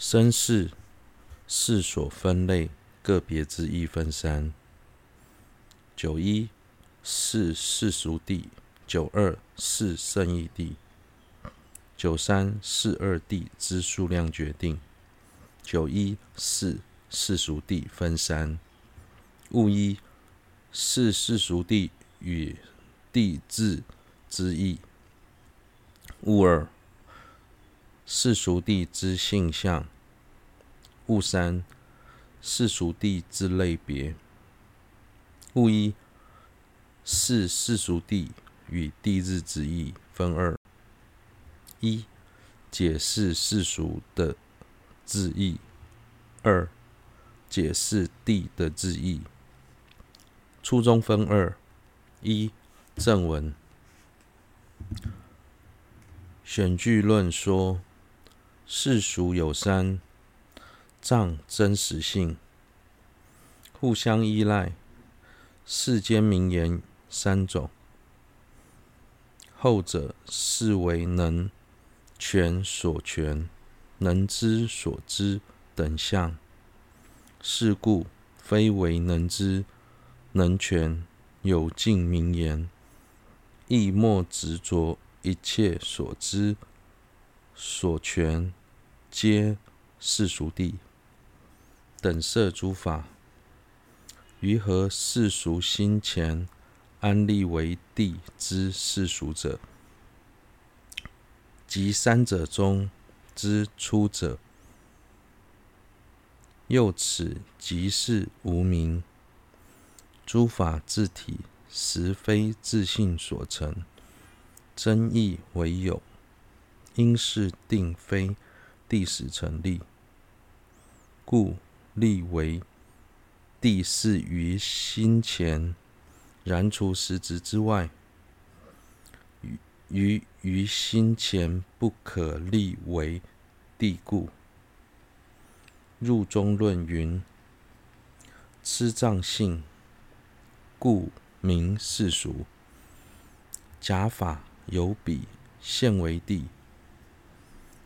申四、釋所分類各別之義分三。酉一、釋世俗諦。酉二、釋勝義諦。酉三、釋二諦之數量決定。酉一、釋世俗諦分三。戌一、釋世俗與諦字之義。戌二。世俗諦之性相，戌三；世俗諦之類別，戌一。釋世，世俗諦與諦字之義分二：一解釋世俗的字義；二解釋諦的字義。初中分二：一正文，顯句論說。世俗有三障真實性，互相依賴、世間名言三種，後者釋為能詮所詮、能知所知等相。是故非唯能知、能詮有境名言，亦莫執着一切所知、所詮。皆世俗諦等色諸法，於何世俗心前安立為諦之世俗者？即三者中之初者，又此即是無明諸法自體，實非自性所成，增益為有，因事定非。諦實成立，故立為諦是於心前；然除實執之外，於餘心前不可立為諦故。入中論云：痴障性故名世俗，假法由彼現為諦。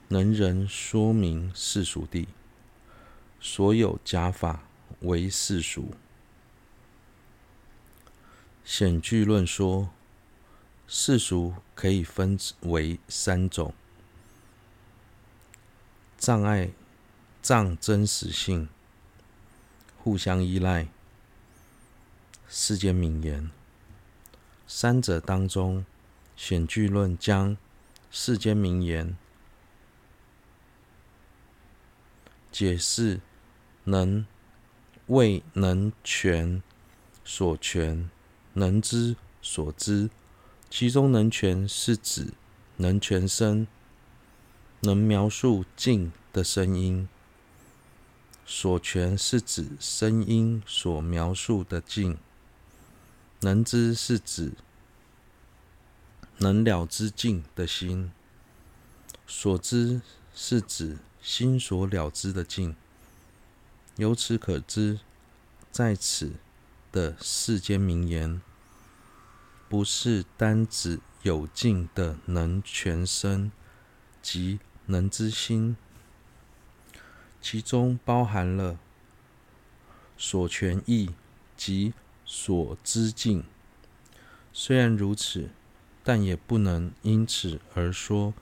能仁說名世俗諦，所有假法唯世俗。顯句論說，世俗可以分為三種：障礙、障真實性、互相依賴、世間名言。三者當中，顯句論將世間名言。解釋，能為能詮所詮、能知所知。其中能詮是指能詮聲、能描述境的聲音；所詮是指聲音所描述的境；能知是指能了知境的心，所知是指。心所了知的境，由此可知，在此的世間名言，不是單指有境的能詮聲及能知心，其中包含了所詮義及所知境。雖然如此，但也不能因此而說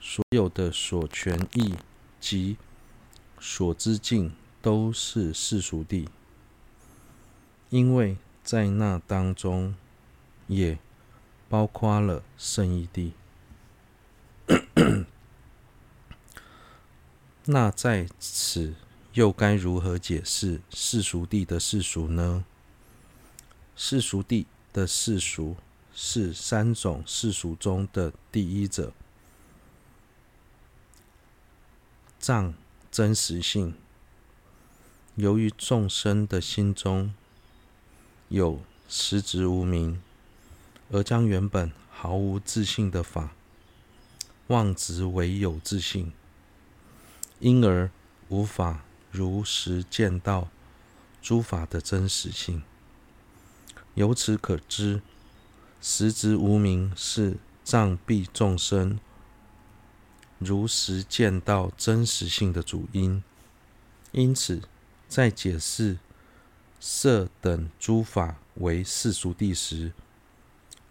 所有的所詮義。及所知境都是世俗諦，因為在那當中也包括了勝義諦。 那在此又該如何解釋世俗諦的世俗呢？世俗諦的世俗是三種世俗中的第一者。障真實性，由於眾生的心中有實執無明，而將原本毫無自性的法妄執為有自性，因而無法如實見到諸法的真實性。由此可知，實執無明是障蔽眾生。如實見到真實性的主因，因此在解釋色等諸法為世俗諦時，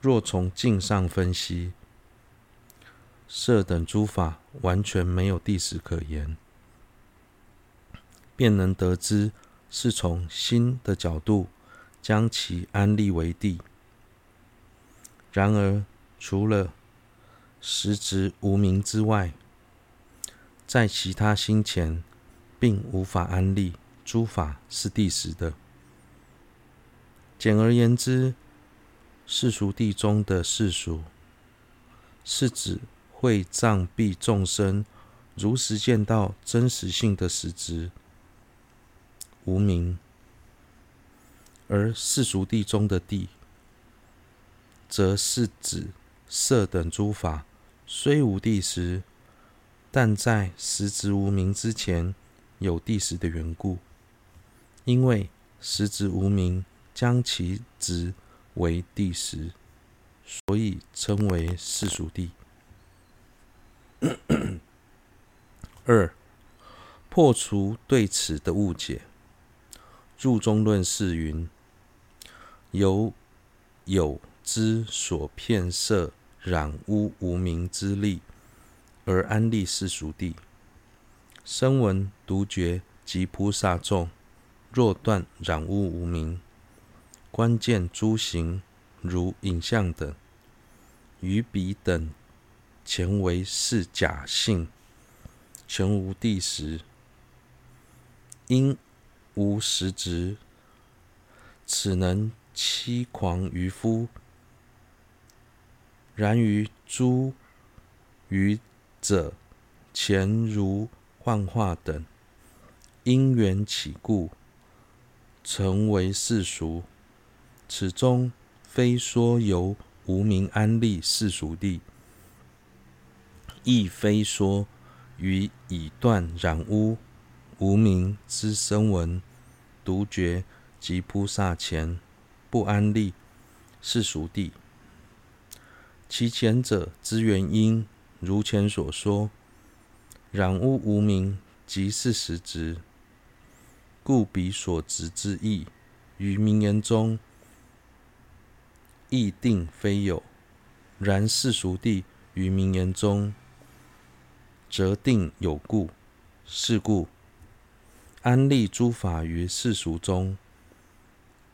若從境上分析，色等諸法完全沒有諦實可言，便能得知是從心的角度將其安立為諦。然而，除了實執無名之外，在其他心前，並無法安立諸法是第十的。簡而言之，世俗地中的世俗，是指會藏避眾生如實見到真實性的實質無名，而世俗地中的地，則是指色等諸法。雖無諦實，但在實執無明之前有諦實的緣故。因為實執無明，將其執為諦實，所以稱為世俗諦 二、破除對此的誤解。入中論釋云：由有支所遍攝。染污無明之力，而安立世俗諦。聲聞、獨覺及菩薩眾，若斷染污無明，觀見諸行如影像等，於彼等前唯是假性，全無諦實，因無實執，此能欺誑愚夫。然於諸餘者前如幻化等，因緣起故，成唯世俗。此中非說由無明安立世俗諦，亦非說於已斷染污無明之聲聞、獨覺及菩薩前不安立世俗諦。其前者之原因，如前所說，染污無明即是實執，故彼所執之義於名言中亦定非有；然世俗諦於名言中則定有故。是故，安立諸法於世俗中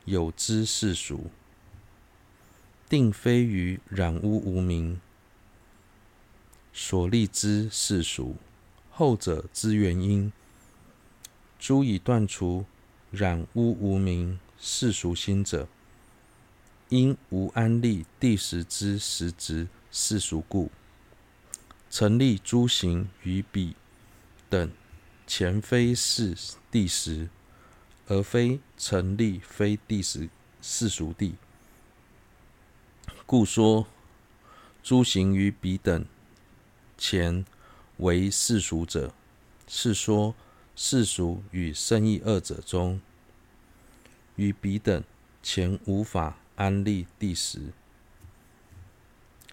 有之世俗。定非於染污無明所立之世俗，後者之原因，諸已斷除染污無明世俗心者，因無安立諦實之實執世俗故，成立諸行於彼等前非是諦實，而非成立非諦實世俗諦。故說諸行於彼等前唯世俗者，是說世俗與諦實二者中，於彼等前無法安立諦實。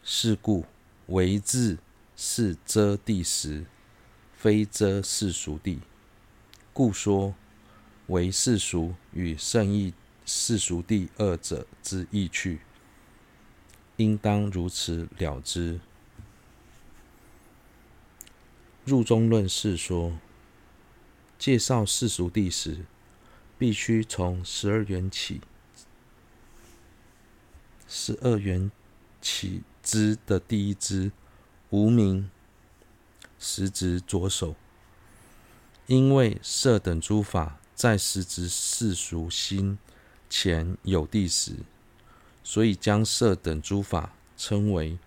是故唯字是遮諦實，非遮世俗諦。故說唯世俗與世俗諦二者之意趣，應當如此了知。入中論釋說，介紹世俗諦時，必須從十二緣起，十二緣起支的第一支無明，實執着手，因為色等諸法在實執世俗心前有諦實。所以，將色等諸法稱為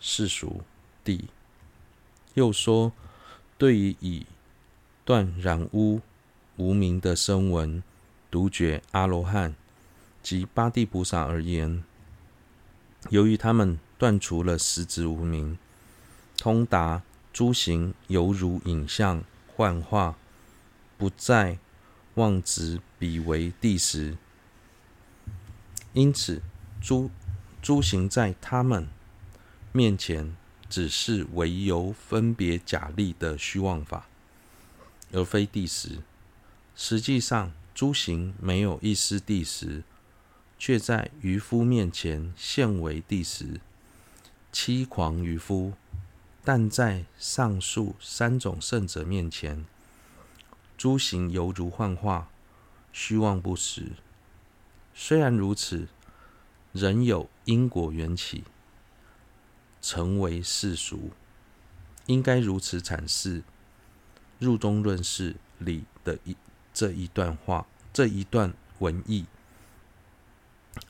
世俗諦。又說，對於已斷染污無明的聲聞、獨覺阿羅漢及八地菩薩而言，由於他們斷除了實執無明，通達諸行猶如影像幻化，不再妄執彼為諦實。因此，諸諸行在他們面前只是唯由分別假立的虛妄法，而非諦實。實際上，諸行沒有一絲諦實，卻在愚夫面前現為諦實，欺誑愚夫。但在上述三種聖者面前，諸行猶如幻化，虛妄不實。雖然如此，仍有因果緣起，成為世俗，應該如此闡釋《入中論》釋裡的一這一段話，這一段文義，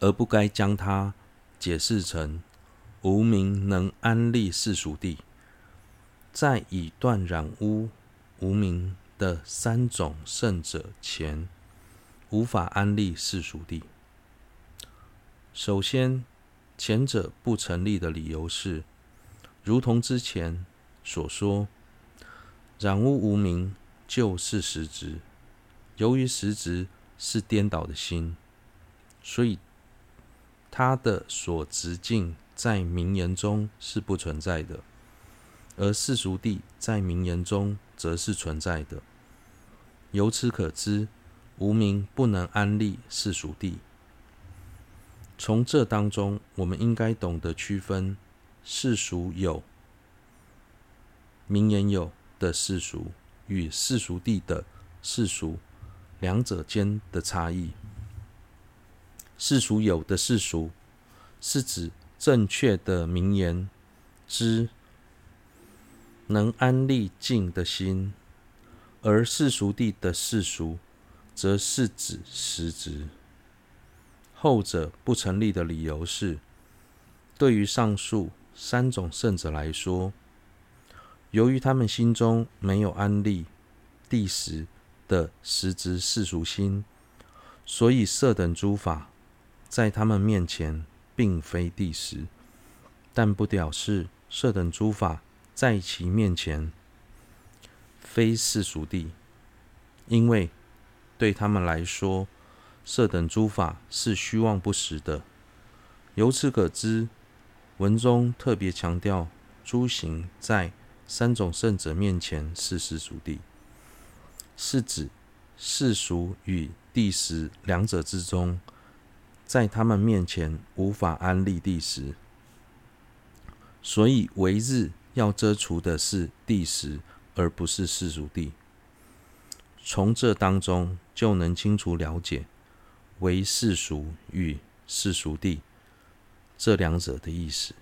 而不該將它解釋成無明能安立世俗諦，在已斷染污無明的三種聖者前，無法安立世俗諦。首先，前者不成立的理由是，如同之前所說，染污無明就是實執。由於實執是顛倒的心，所以它的所執境在名言中是不存在的，而世俗諦在名言中則是存在的。由此可知，無明不能安立世俗諦。從這當中，我們應該懂得區分世俗有、名言有的世俗與世俗諦的世俗兩者間的差異。世俗有的世俗，是指正確的名言識能安立境的心，而世俗諦的世俗，則是指實執。後者不成立的理由是，對於上述三種聖者來說，由於他們心中沒有安立諦實的實執世俗心，所以色等諸法在他們面前並非諦實，但不表示色等諸法在其面前非世俗諦，因為對他們來說，色等諸法是虛妄不實的。由此可知，文中特別強調諸行在三種聖者面前是世俗諦，是指世俗與諦實兩者之中，在他們面前無法安立諦實，所以唯字要遮除的是諦實，而不是世俗諦。從這當中就能清楚了解。唯世俗與世俗諦這兩者的意思。